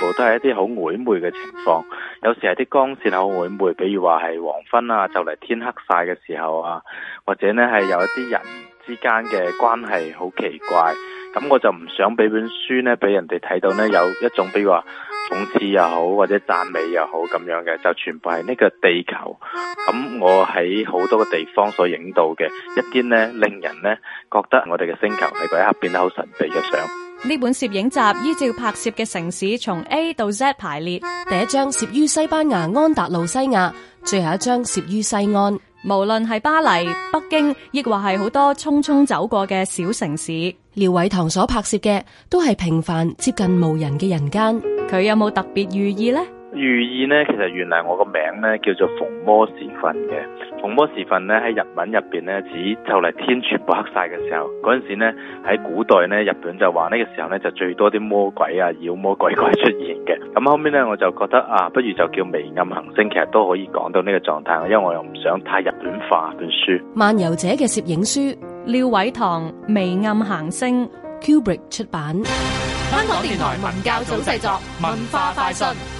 全部都係一啲好曖昧嘅情況，有時係啲光線好曖昧，比如話係黃昏啊，就嚟天黑晒嘅時候啊，或者呢係有一啲人之間嘅關係好奇怪，咁我就唔想俾本書呢俾人哋睇到呢，有一種，比如話諷刺又好或者讚美又好咁樣嘅，就全部係呢個地球，咁我喺好多個地方所影到嘅一啲呢，令人呢覺得我哋嘅星球喺嗰一刻變得好神秘嘅相。呢本攝影集依照拍攝嘅城市從 A 到 Z 排列，第一張攝於西班牙安達路西亞，最後一張攝於西安。無論係巴黎、北京，亦或係好多匆匆走過嘅小城市，廖偉棠所拍攝嘅都係平凡接近無人嘅人間。佢有冇特別寓意呢？寓意呢，其實原來我個名呢叫做逢魔時分嘅。逢魔時分呢，喺日文入邊呢，指就嚟天全部黑晒嘅時候。嗰陣時呢，喺古代呢，日本就話呢個時候呢，就最多啲魔鬼啊、妖魔鬼怪出現嘅。咁後面呢，我就覺得啊，不如就叫微暗行星，其實都可以講到呢個狀態。因為我又唔想太日本化本書。漫遊者嘅攝影書，廖偉棠《微暗行星》，Kubrick 出版。香港電台文教組製作，文化快訊。